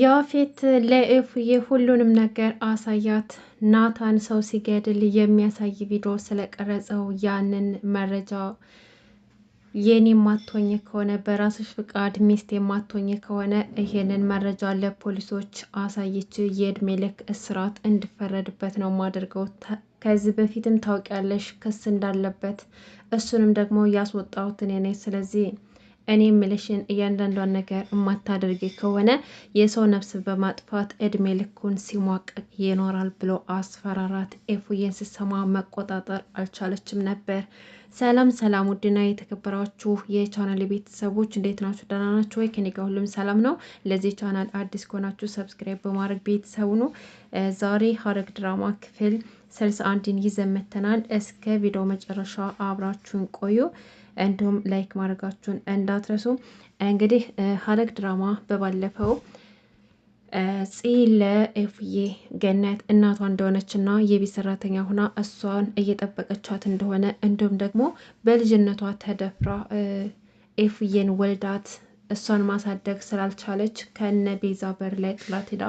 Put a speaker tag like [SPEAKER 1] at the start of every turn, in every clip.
[SPEAKER 1] ያፌት ለኤፉዬ ሁሉንም ነገር አሳያት። ናታን ሰው ሲገድል የሚያሳይ ቪዲዮ ስለቀረጸው ያንን መረጃ የኔ ማቶኝ ከሆነ በራስሽ ፍቃድ ሚስት የማቶኝ ከሆነ ይሄንን መረጃ ለፖሊሶች አሳይች የእድሜ ልክ እስራት እንዲፈረድበት ነው ማደርገው። ከዚህ በፊትም ታውቂያለሽ ክስ እንዳለበት፣ እሱንም ደግሞ ያስወጣሁት እኔ ነኝ። ስለዚህ እኔ ምልሽን እያንዳንዷን ነገር የማታደርጊ ከሆነ የሰው ነፍስ በማጥፋት እድሜ ልኩን ሲሟቀቅ ይኖራል ብሎ አስፈራራት። ኤፉዬን ስሰማ መቆጣጠር አልቻለችም ነበር። ሰላም ሰላም፣ ውድና የተከበራችሁ የቻናል ቤተሰቦች እንዴት ናችሁ? ደህና ናችሁ ወይ? ከኔ ሁሉም ሰላም ነው። ለዚህ ቻናል አዲስ ከሆናችሁ ሰብስክራይብ በማድረግ ቤተሰቡ ኑ። ዛሬ ሐረግ ድራማ ክፍል ስልሳ አንድን ይዘን መጥተናል። እስከ ቪዲዮ መጨረሻ አብራችሁን ቆዩ። እንዲሁም ላይክ ማድረጋችሁን እንዳትረሱ። እንግዲህ ሐረግ ድራማ በባለፈው ፂ ለኤፍዬ ገነት እናቷ እንደሆነች እና የቤት ሰራተኛ ሁና እሷን እየጠበቀቻት እንደሆነ እንዲሁም ደግሞ በልጅነቷ ተደፍራ ኤፍዬን ወልዳት እሷን ማሳደግ ስላልቻለች ከነ ቤዛ በር ላይ ጥላት ሄዳ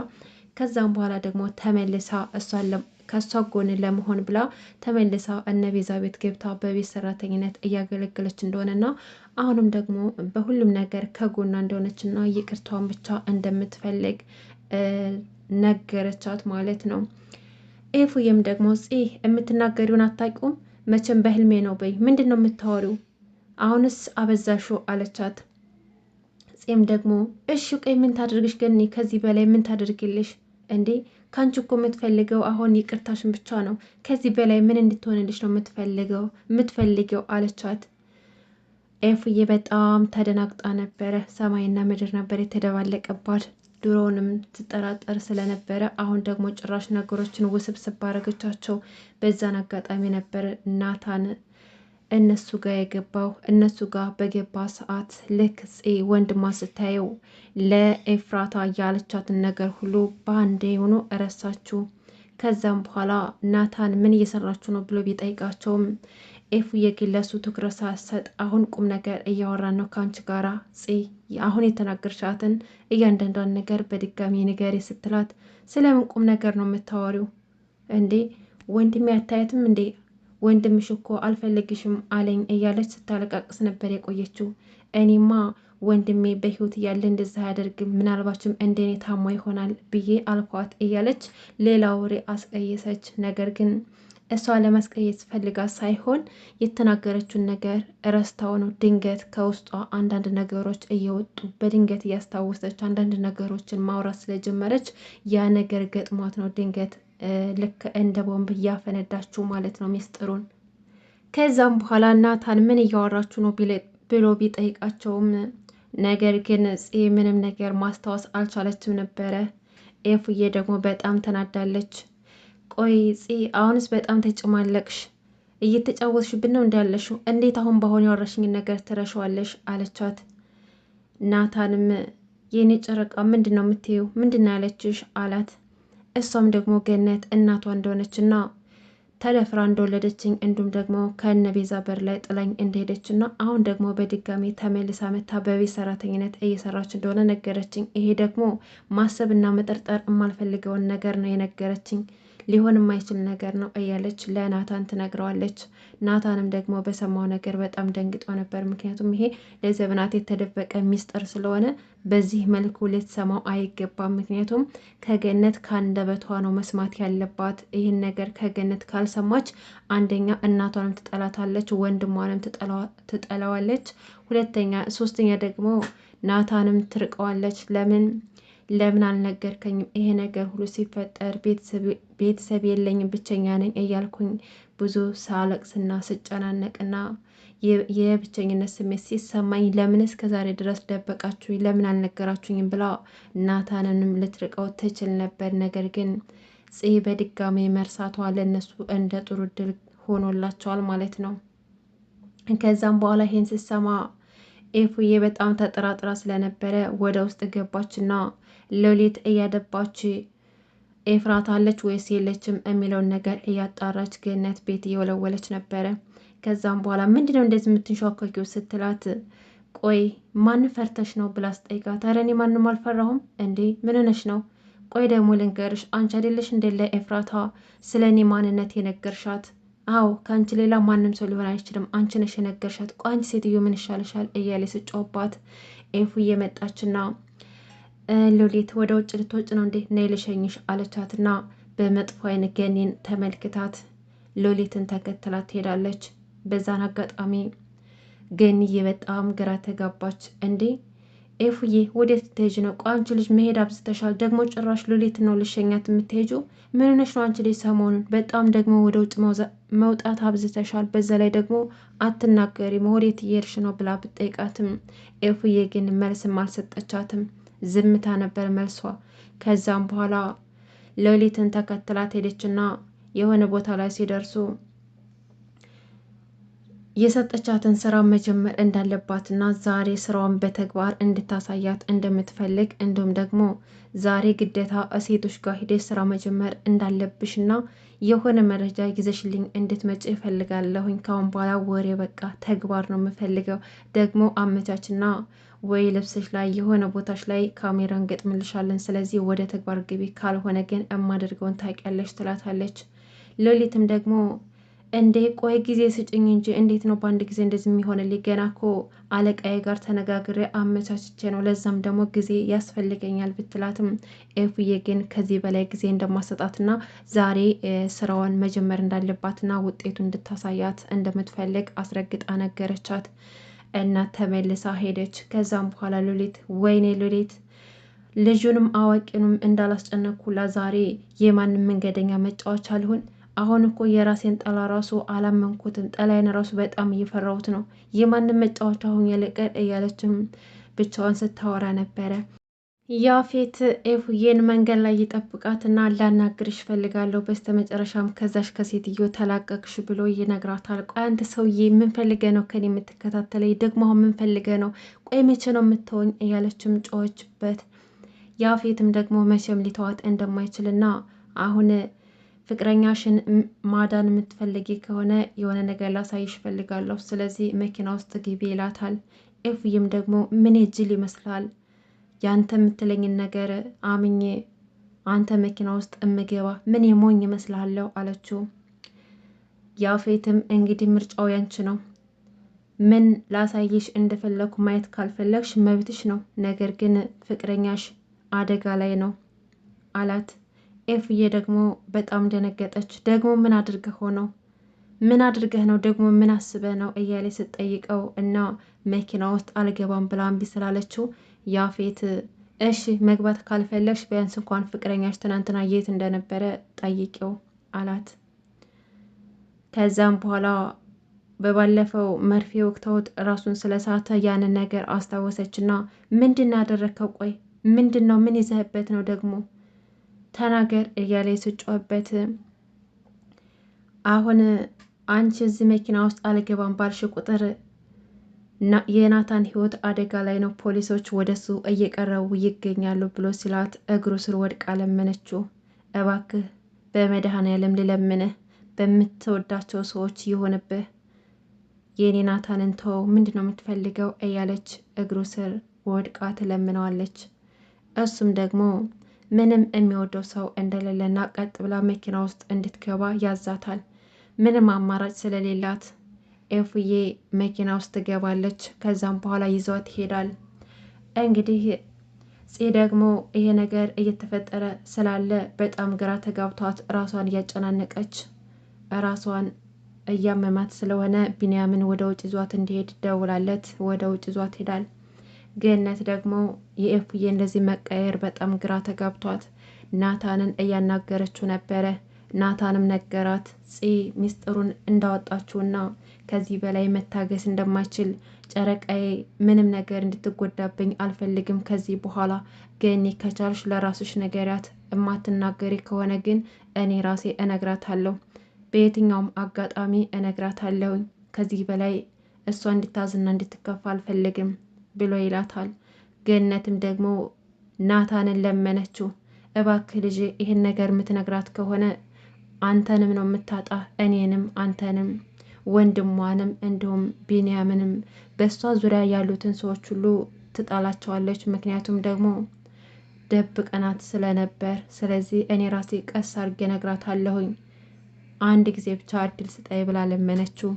[SPEAKER 1] ከዛም በኋላ ደግሞ ተመልሳ እሷን ከእሷ ጎን ለመሆን ብላ ተመልሳ እነ ቤዛ ቤት ገብታ በቤት ሰራተኝነት እያገለገለች እንደሆነና አሁንም ደግሞ በሁሉም ነገር ከጎና እንደሆነችና ይቅርታዋን ብቻ እንደምትፈልግ ነገረቻት ማለት ነው። ኤፉዬም ደግሞ ጽ የምትናገሪውን አታውቂውም መቼም በህልሜ ነው በይ ምንድን ነው የምታወሪው? አሁንስ አበዛሹ አለቻት። ጽም ደግሞ እሺ ቆይ ምን ታደርግሽ ገኒ ከዚህ በላይ ምን ታደርግልሽ እንዴ ከአንቺ እኮ የምትፈልገው አሁን ይቅርታሽን ብቻ ነው። ከዚህ በላይ ምን እንድትሆንልሽ ነው የምትፈልገው የምትፈልገው አለቻት። ኤፉዬ በጣም ተደናግጣ ነበረ። ሰማይና ምድር ነበር የተደባለቀባት። ድሮውንም ትጠራጠር ስለነበረ አሁን ደግሞ ጭራሽ ነገሮችን ውስብስብ ባረገቻቸው። በዛን አጋጣሚ ነበር ናታን እነሱ ጋር የገባው እነሱ ጋር በገባ ሰዓት ልክ ፄ ወንድማ ስታየው ለኤፍራታ ያለቻትን ነገር ሁሉ በአንዴ ሆኖ እረሳችሁ። ከዛም በኋላ ናታን ምን እየሰራችሁ ነው ብሎ ቢጠይቃቸውም ኤፉዬ የግለሱ ትኩረት ሳትሰጥ አሁን ቁም ነገር እያወራ ነው ከአንቺ ጋራ ጽ አሁን የተናገርሻትን እያንዳንዷን ነገር በድጋሚ ንገሪ ስትላት ስለምን ቁም ነገር ነው የምታወሪው እንዴ? ወንድሜ አታየትም እንዴ ወንድምሽ እኮ አልፈለግሽም አለኝ እያለች ስታለቃቅስ ነበር የቆየችው። እኔማ ወንድሜ በህይወት እያለ እንደዛ አያደርግም፣ ምናልባችም እንደኔ ታሞ ይሆናል ብዬ አልኳት እያለች ሌላ ወሬ አስቀየሰች። ነገር ግን እሷ ለማስቀየስ ፈልጋ ሳይሆን የተናገረችውን ነገር ረስታው ነው። ድንገት ከውስጧ አንዳንድ ነገሮች እየወጡ በድንገት እያስታወሰች አንዳንድ ነገሮችን ማውራት ስለጀመረች ያ ነገር ገጥሟት ነው ድንገት ልክ እንደ ቦምብ እያፈነዳችሁ ማለት ነው ሚስጥሩን። ከዛም በኋላ ናታን ምን እያወራችሁ ነው ብሎ ቢጠይቃቸውም ነገር ግን ጽ ምንም ነገር ማስታወስ አልቻለችም ነበረ። ኤፉዬ ደግሞ በጣም ተናዳለች። ቆይ ጽ አሁንስ በጣም ተጨማለቅሽ፣ እየተጫወትሽብን ነው እንዳለሽው፣ እንዴት አሁን በአሁን ያወራሽኝን ነገር ትረሸዋለሽ? አለቻት። ናታንም የኔ ጨረቃ ምንድን ነው የምትይው? ምንድን ነው ያለችሽ? አላት እሷም ደግሞ ገነት እናቷ እንደሆነችና ተደፍራ እንደወለደችኝ እንዲሁም ደግሞ ከነ ቤዛ በር ላይ ጥላኝ እንደሄደችና አሁን ደግሞ በድጋሚ ተመልሳ መታ በቤት ሰራተኝነት እየሰራች እንደሆነ ነገረችኝ። ይሄ ደግሞ ማሰብና መጠርጠር የማልፈልገውን ነገር ነው የነገረችኝ። ሊሆን የማይችል ነገር ነው እያለች ለናታን ትነግረዋለች። ናታንም ደግሞ በሰማው ነገር በጣም ደንግጦ ነበር። ምክንያቱም ይሄ ለዘብናት የተደበቀ ሚስጥር ስለሆነ በዚህ መልኩ ልትሰማው አይገባም። ምክንያቱም ከገነት ካንደበቷ ነው መስማት ያለባት። ይህን ነገር ከገነት ካልሰማች አንደኛ እናቷንም ትጠላታለች፣ ወንድሟንም ትጠላዋለች፣ ሁለተኛ ሶስተኛ ደግሞ ናታንም ትርቀዋለች። ለምን ለምን አልነገርከኝም? ይሄ ነገር ሁሉ ሲፈጠር ቤተሰብ ቤተሰብ የለኝም ብቸኛ ነኝ እያልኩኝ ብዙ ሳለቅስና ስጨናነቅና የብቸኝነት ስሜት ሲሰማኝ ለምን እስከ ዛሬ ድረስ ደበቃችሁ ለምን አልነገራችሁኝም ብላ እናታንንም ልትርቀው ትችል ነበር። ነገር ግን ጽ በድጋሚ መርሳቷ ለእነሱ እንደ ጥሩ ድል ሆኖላቸዋል ማለት ነው። ከዛም በኋላ ይሄን ስሰማ ኤፉዬ በጣም ተጠራጥራ ስለነበረ ወደ ውስጥ ገባችና ሎሊት እያደባች ኤፍራት አለች ወይስ የለችም የሚለውን ነገር እያጣራች ገነት ቤት እየወለወለች ነበረ። ከዛም በኋላ ምንድነው ነው እንደዚህ የምትንሸዋከኪው ስትላት፣ ቆይ ማን ፈርተሽ ነው ብላ ስጠይቃት፣ ኧረ እኔ ማንም አልፈራሁም። እንዴ ምንነሽ ነው? ቆይ ደግሞ ልንገርሽ፣ አንቺ አይደለሽ እንደለ ኤፍራታ ስለ እኔ ማንነት የነገርሻት? አዎ ከአንቺ ሌላ ማንም ሰው ሊሆን አይችልም፣ አንቺ ነሽ የነገርሻት። ቆይ አንቺ ሴትዮ ምን ይሻልሻል? እያለ ስጫውባት ኤፉ እየመጣችና ሎሌት ወደ ውጭ ልትወጭ ነው እንዴ? ነይ ልሸኝሽ አለቻትና በመጥፎ አይን ገኒን ተመልክታት ሉሊትን ተከትላት ትሄዳለች። በዛን አጋጣሚ ገኒዬ በጣም ግራ ተጋባች። እንዴ ኤፉዬ ወዴት ልትሄጂ ነው? ቆይ አንቺ ልጅ መሄድ አብዝተሻል። ደግሞ ጭራሽ ሉሊት ነው ልሸኛት የምትሄጁ? ምን ሆነሽ ነው አንቺ ልጅ? ሰሞኑን በጣም ደግሞ ወደ ውጭ መውጣት አብዝተሻል። በዛ ላይ ደግሞ አትናገሪም። ወዴት እየሄድሽ ነው ብላ ብጠይቃትም ኤፉዬ ግን መልስም አልሰጠቻትም። ዝምታ ነበር መልሷ። ከዛም በኋላ ሌሊትን ተከትላት ሄደችና የሆነ ቦታ ላይ ሲደርሱ የሰጠቻትን ስራ መጀመር እንዳለባትና ዛሬ ስራዋን በተግባር እንድታሳያት እንደምትፈልግ እንዲሁም ደግሞ ዛሬ ግዴታ እሴቶች ጋር ሂደሽ ስራ መጀመር እንዳለብሽና የሆነ መረጃ ይዘሽልኝ እንድትመጪ እፈልጋለሁኝ። ካሁን በኋላ ወሬ በቃ ተግባር ነው የምፈልገው። ደግሞ አመቻችና ወይ ልብስሽ ላይ የሆነ ቦታሽ ላይ ካሜራ ገጥምልሻለን ስለዚህ ወደ ተግባር ግቢ፣ ካልሆነ ግን እማደርገውን ታውቂያለሽ ትላታለች። ሎሊትም ደግሞ እንዴ ቆይ ጊዜ ስጭኝ እንጂ እንዴት ነው በአንድ ጊዜ እንደዚህ የሚሆንልኝ? ገና እኮ አለቃዬ ጋር ተነጋግሬ አመቻችቼ ነው፣ ለዛም ደግሞ ጊዜ ያስፈልገኛል ብትላትም ኤፍዬ ግን ከዚህ በላይ ጊዜ እንደማሰጣትና ዛሬ ስራዋን መጀመር እንዳለባትና ውጤቱ እንድታሳያት እንደምትፈልግ አስረግጣ ነገረቻት። እናት ተመልሳ ሄደች። ከዛም በኋላ ሉሊት ወይኔ ሉሊት ልጁንም አዋቂንም እንዳላስጨነኩላ ዛሬ የማንም መንገደኛ መጫወቻ አልሆን። አሁን እኮ የራሴን ጠላ ራሱ አላመንኩትም። ጠላይን ራሱ በጣም እየፈራሁት ነው። የማንም መጫወቻ አሁን የለቀ እያለችም ብቻዋን ስታወራ ነበረ። ያፌት ኤፉዬን መንገድ ላይ ይጠብቃትና ላናግርሽ ፈልጋለሁ፣ በስተመጨረሻም ከዛሽ ከሴትዮ ተላቀቅሽ ብሎ ይነግራታል። ቆይ አንተ ሰውዬ ምን ፈልገህ ነው ከኔ የምትከታተለኝ? ደግሞ ምን ነው? ቆይ መቼ ነው የምትሆኝ? እያለችም ጮኸችበት። ያፌትም ደግሞ መቼም ሊተዋት እንደማይችልና አሁን ፍቅረኛሽን ማዳን የምትፈልጊ ከሆነ የሆነ ነገር ላሳይሽ ፈልጋለሁ፣ ስለዚህ መኪና ውስጥ ግቢ ይላታል። ኤፉዬም ደግሞ ምን ጅል ይመስላል ያንተ የምትለኝን ነገር አምኜ አንተ መኪና ውስጥ እምገባ ምን የሞኝ ይመስልሃለሁ? አለችው። ያፌትም እንግዲህ ምርጫው ያንቺ ነው። ምን ላሳይሽ እንደፈለግኩ ማየት ካልፈለግሽ መብትሽ ነው። ነገር ግን ፍቅረኛሽ አደጋ ላይ ነው አላት። ኤፍዬ ደግሞ በጣም ደነገጠች። ደግሞ ምን አድርገህ ሆነው ምን አድርገህ ነው ደግሞ ምን አስበህ ነው እያለ ስትጠይቀው እና መኪና ውስጥ አልገባም ብላ እምቢ ስላለችው ያፌት እሺ መግባት ካልፈለግሽ ቢያንስ እንኳን ፍቅረኛሽ ትናንትና የት እንደነበረ ጠይቂው አላት። ከዛም በኋላ በባለፈው መርፌ ወቅተውት ራሱን ስለሳተ ያንን ነገር አስታወሰችና ምንድን ያደረግከው? ቆይ ምንድን ነው? ምን ይዘህበት ነው ደግሞ ተናገር እያለ የስጮህበት አሁን አንቺ እዚህ መኪና ውስጥ አልገባም ባልሽ ቁጥር የናታን ሕይወት አደጋ ላይ ነው፣ ፖሊሶች ወደሱ እየቀረቡ ይገኛሉ ብሎ ሲላት እግሩ ስር ወድቃ ለመነችው። እባክህ በመድኃኔዓለም ልለምንህ፣ በምትወዳቸው ሰዎች ይሆንብህ፣ የኔ ናታንን ተወው፣ ምንድን ነው የምትፈልገው? እያለች እግሩ ስር ወድቃ ትለምነዋለች። እሱም ደግሞ ምንም የሚወደው ሰው እንደሌለና ቀጥ ብላ መኪና ውስጥ እንድትገባ ያዛታል። ምንም አማራጭ ስለሌላት ኤፉዬ መኪና ውስጥ ትገባለች። ከዛም በኋላ ይዘዋት ይሄዳል። እንግዲህ ፄ ደግሞ ይሄ ነገር እየተፈጠረ ስላለ በጣም ግራ ተጋብቷት ራሷን እያጨናነቀች ራሷን እያመማት ስለሆነ ቢንያምን ወደ ውጭ ይዟት እንዲሄድ ደውላለት ወደ ውጭ ይዟት ይሄዳል። ገነት ደግሞ የኤፍዬ እንደዚህ መቀየር በጣም ግራ ተጋብቷት ናታንን እያናገረችው ነበረ። ናታንም ነገራት ጽ ሚስጥሩን እንዳወጣችውና ከዚህ በላይ መታገስ እንደማይችል ጨረቃዬ ምንም ነገር እንድትጎዳብኝ አልፈልግም። ከዚህ በኋላ ገኒ ከቻልሽ ለራስሽ ነገሪያት፣ እማትናገሪ ከሆነ ግን እኔ ራሴ እነግራታለሁ። በየትኛውም አጋጣሚ እነግራታለሁ። ከዚህ በላይ እሷ እንድታዝና እንድትከፋ አልፈልግም ብሎ ይላታል። ገነትም ደግሞ ናታንን ለመነችው፣ እባክህ ልጄ ይህን ነገር የምትነግራት ከሆነ አንተንም ነው የምታጣ፣ እኔንም፣ አንተንም፣ ወንድሟንም እንዲሁም ቢንያምንም በእሷ ዙሪያ ያሉትን ሰዎች ሁሉ ትጣላቸዋለች። ምክንያቱም ደግሞ ደብቀናት ስለነበር፣ ስለዚህ እኔ ራሴ ቀስ አድርጌ እነግራታለሁኝ። አንድ ጊዜ ብቻ እድል ስጠይ ብላ ለመነችው።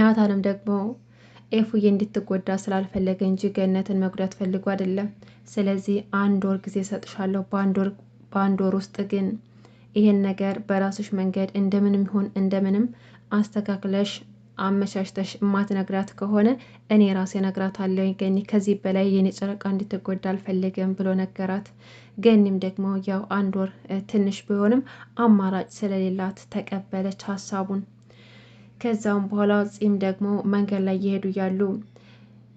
[SPEAKER 1] ናታንም ደግሞ ኤፉዬ እንድትጎዳ ስላልፈለገ እንጂ ገነትን መጉዳት ፈልጎ አይደለም። ስለዚህ አንድ ወር ጊዜ ሰጥሻለሁ። በአንድ ወር ውስጥ ግን ይህን ነገር በራስሽ መንገድ እንደምንም ይሁን እንደምንም አስተካክለሽ አመቻችተሽ የማትነግራት ከሆነ እኔ ራሴ ነግራት እነግራታለሁ፣ ገኒ ከዚህ በላይ የኔ ጨረቃ እንድትጎዳ አልፈልግም ብሎ ነገራት። ገኒም ደግሞ ያው አንድ ወር ትንሽ ቢሆንም አማራጭ ስለሌላት ተቀበለች ሀሳቡን። ከዛውም በኋላ ጺም ደግሞ መንገድ ላይ እየሄዱ ያሉ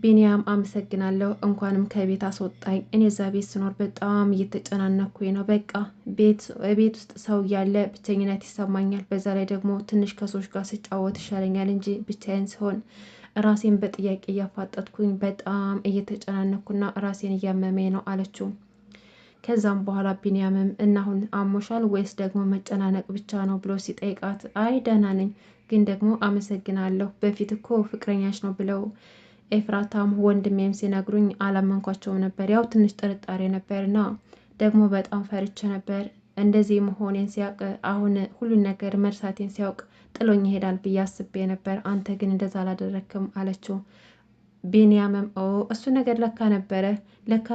[SPEAKER 1] ቢንያም አመሰግናለሁ፣ እንኳንም ከቤት አስወጣኝ። እኔ እዛ ቤት ስኖር በጣም እየተጨናነኩኝ ነው። በቃ ቤት ውስጥ ሰው እያለ ብቸኝነት ይሰማኛል። በዛ ላይ ደግሞ ትንሽ ከሰዎች ጋር ስጫወት ይሻለኛል እንጂ ብቻዬን ሲሆን ራሴን በጥያቄ እያፋጠጥኩኝ በጣም እየተጨናነኩና ራሴን እያመመኝ ነው አለችው። ከዛም በኋላ ቢንያምም እናሁን አሞሻል ወይስ ደግሞ መጨናነቅ ብቻ ነው ብሎ ሲጠይቃት አይ ደህና ነኝ፣ ግን ደግሞ አመሰግናለሁ በፊት እኮ ፍቅረኛች ነው ብለው ኤፍራታም ወንድሜም ሲነግሩኝ አላመንኳቸውም ነበር። ያው ትንሽ ጥርጣሬ ነበርና ደግሞ በጣም ፈርቼ ነበር። እንደዚህ መሆኔን ሲያውቅ አሁን ሁሉን ነገር መርሳቴን ሲያውቅ ጥሎኝ ይሄዳል ብዬ አስቤ ነበር። አንተ ግን እንደዛ አላደረክም አለችው። ቢንያምም እሱ ነገር ለካ ነበረ ለካ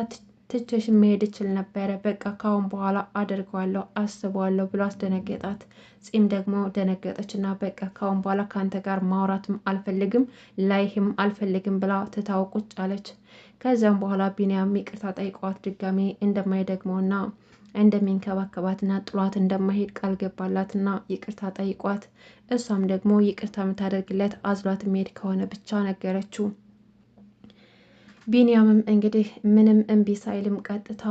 [SPEAKER 1] ትቼሽ መሄድ እችል ነበረ፣ በቃ ካሁን በኋላ አደርገዋለሁ አስበዋለሁ ብሎ አስደነገጣት። ጺም ደግሞ ደነገጠች እና በቃ ካሁን በኋላ ከአንተ ጋር ማውራትም አልፈልግም ላይህም አልፈልግም ብላ ትታው ቁጭ አለች። ከዚያም በኋላ ቢንያም ይቅርታ ጠይቀዋት ድጋሜ እንደማይደግመውና እንደሚንከባከባትና ጥሏት እንደማይሄድ ቃል ገባላትና ይቅርታ ጠይቋት እሷም ደግሞ ይቅርታ የምታደርግለት አዝሏት የሚሄድ ከሆነ ብቻ ነገረችው። ቢንያምም እንግዲህ ምንም እምቢ ሳይልም ቀጥታ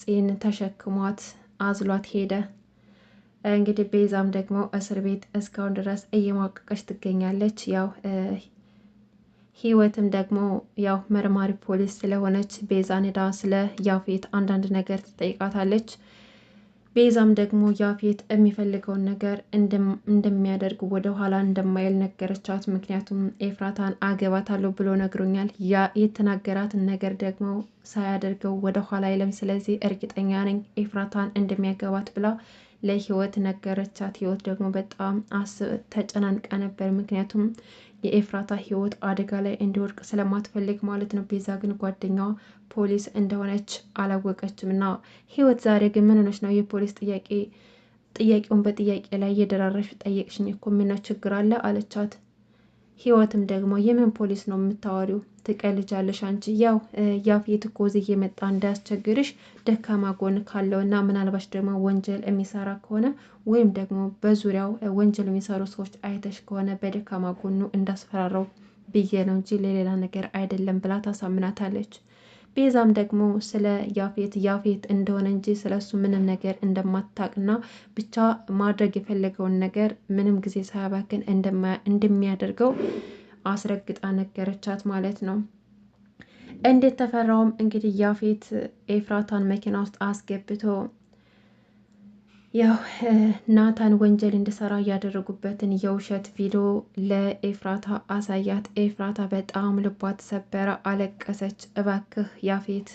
[SPEAKER 1] ፂን ተሸክሟት አዝሏት ሄደ። እንግዲህ ቤዛም ደግሞ እስር ቤት እስካሁን ድረስ እየማቀቀች ትገኛለች። ያው ህይወትም ደግሞ ያው መርማሪ ፖሊስ ስለሆነች ቤዛን ሄዳ ስለ ያፌት አንዳንድ ነገር ትጠይቃታለች። ቤዛም ደግሞ ያፌት የሚፈልገውን ነገር እንደሚያደርግ ወደ ኋላ እንደማይል ነገረቻት። ምክንያቱም ኤፍራታን አገባታለሁ ብሎ ነግሮኛል። ያ የተናገራትን ነገር ደግሞ ሳያደርገው ወደ ኋላ አይለም። ስለዚህ እርግጠኛ ነኝ ኤፍራታን እንደሚያገባት ብላ ለህይወት ነገረቻት። ህይወት ደግሞ በጣም አስብ ተጨናንቃ ነበር። ምክንያቱም የኤፍራታ ህይወት አደጋ ላይ እንዲወድቅ ስለማትፈልግ ማለት ነው። ቤዛ ግን ጓደኛዋ ፖሊስ እንደሆነች አላወቀችም እና ህይወት ዛሬ ግን ምን ሆነች ነው የፖሊስ ጥያቄ ጥያቄውን በጥያቄ ላይ እየደራረሽ ጠየቅሽኝ እኮ ምነው ችግር አለ አለቻት። ህይወትም ደግሞ የምን ፖሊስ ነው የምታወሪው? ትቀልጃለሽ አንቺ። ያው ያፌት እኮ እዚህ የመጣ እንዳያስቸግርሽ ደካማ ጎን ካለው እና ምናልባሽ ደግሞ ወንጀል የሚሰራ ከሆነ ወይም ደግሞ በዙሪያው ወንጀል የሚሰሩ ሰዎች አይተሽ ከሆነ በደካማ ጎኑ እንዳስፈራረው ብዬ ነው እንጂ ለሌላ ነገር አይደለም ብላ ታሳምናታለች። ቤዛም ደግሞ ስለ ያፌት ያፌት እንደሆነ እንጂ ስለ እሱ ምንም ነገር እንደማታቅና ብቻ ማድረግ የፈለገውን ነገር ምንም ጊዜ ሳያባክን እንደሚያደርገው አስረግጣ ነገረቻት ማለት ነው። እንዴት ተፈራውም እንግዲህ ያፌት ኤፍራታን መኪና ውስጥ አስገብቶ ያው ናታን ወንጀል እንዲሰራ እያደረጉበትን የውሸት ቪዲዮ ለኤፍራታ አሳያት። ኤፍራታ በጣም ልቧ ተሰበረ፣ አለቀሰች። እባክህ ያፌት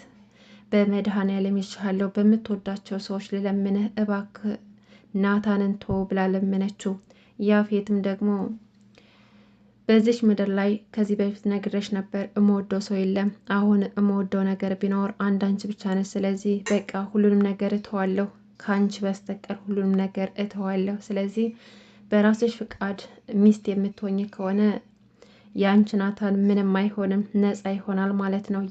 [SPEAKER 1] በመድኃኔዓለም ይሻለሁ፣ በምትወዳቸው ሰዎች ልለምንህ፣ እባክህ ናታንን ቶ ብላ ለመነችው። ያፌትም ደግሞ በዚች ምድር ላይ ከዚህ በፊት ነግረሽ ነበር፣ እመወደው ሰው የለም። አሁን እመወደው ነገር ቢኖር አንድ አንቺ ብቻ ነሽ። ስለዚህ በቃ ሁሉንም ነገር እተዋለሁ ከአንቺ በስተቀር ሁሉንም ነገር እተዋለሁ። ስለዚህ በራስሽ ፍቃድ ሚስት የምትሆኝ ከሆነ የአንቺ ናታን ምንም አይሆንም፣ ነጻ ይሆናል ማለት ነው።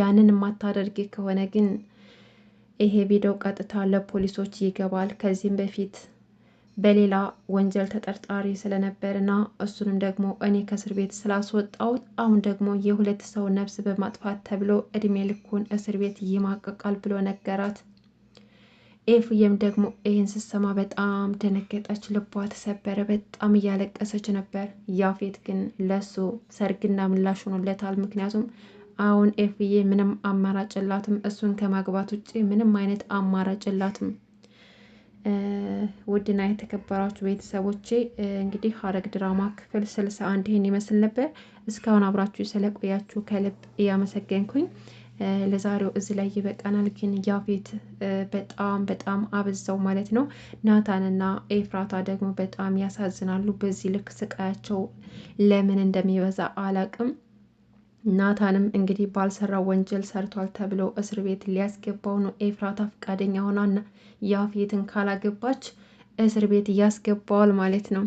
[SPEAKER 1] ያንን የማታደርጊ ከሆነ ግን ይሄ ቪዲዮ ቀጥታ ለፖሊሶች ይገባል። ከዚህም በፊት በሌላ ወንጀል ተጠርጣሪ ስለነበርና እሱንም ደግሞ እኔ ከእስር ቤት ስላስወጣሁት አሁን ደግሞ የሁለት ሰው ነፍስ በማጥፋት ተብሎ እድሜ ልኩን እስር ቤት ይማቀቃል ብሎ ነገራት። ኤፍዬም ደግሞ ይህን ስትሰማ በጣም ደነገጠች፣ ልቧ ተሰበረ፣ በጣም እያለቀሰች ነበር። ያፌት ግን ለሱ ሰርግና ምላሽ ሆኖለታል። ምክንያቱም አሁን ኤፉዬ ምንም አማራጭ የላትም፣ እሱን ከማግባት ውጭ ምንም አይነት አማራጭ የላትም። ውድና የተከበራችሁ ቤተሰቦቼ እንግዲህ ሐረግ ድራማ ክፍል ስልሳ አንድ ይህን ይመስል ነበር። እስካሁን አብራችሁ ስለቆያችሁ ከልብ እያመሰገንኩኝ ለዛሬው እዚህ ላይ ይበቃናል። ግን ያፌት በጣም በጣም አበዛው ማለት ነው። ናታንና ኤፍራታ ደግሞ በጣም ያሳዝናሉ። በዚህ ልክ ስቃያቸው ለምን እንደሚበዛ አላቅም። ናታንም እንግዲህ ባልሰራው ወንጀል ሰርቷል ተብሎ እስር ቤት ሊያስገባው ነው። ኤፍራታ ፈቃደኛ ሆናና ያፌትን ካላገባች እስር ቤት ያስገባዋል ማለት ነው።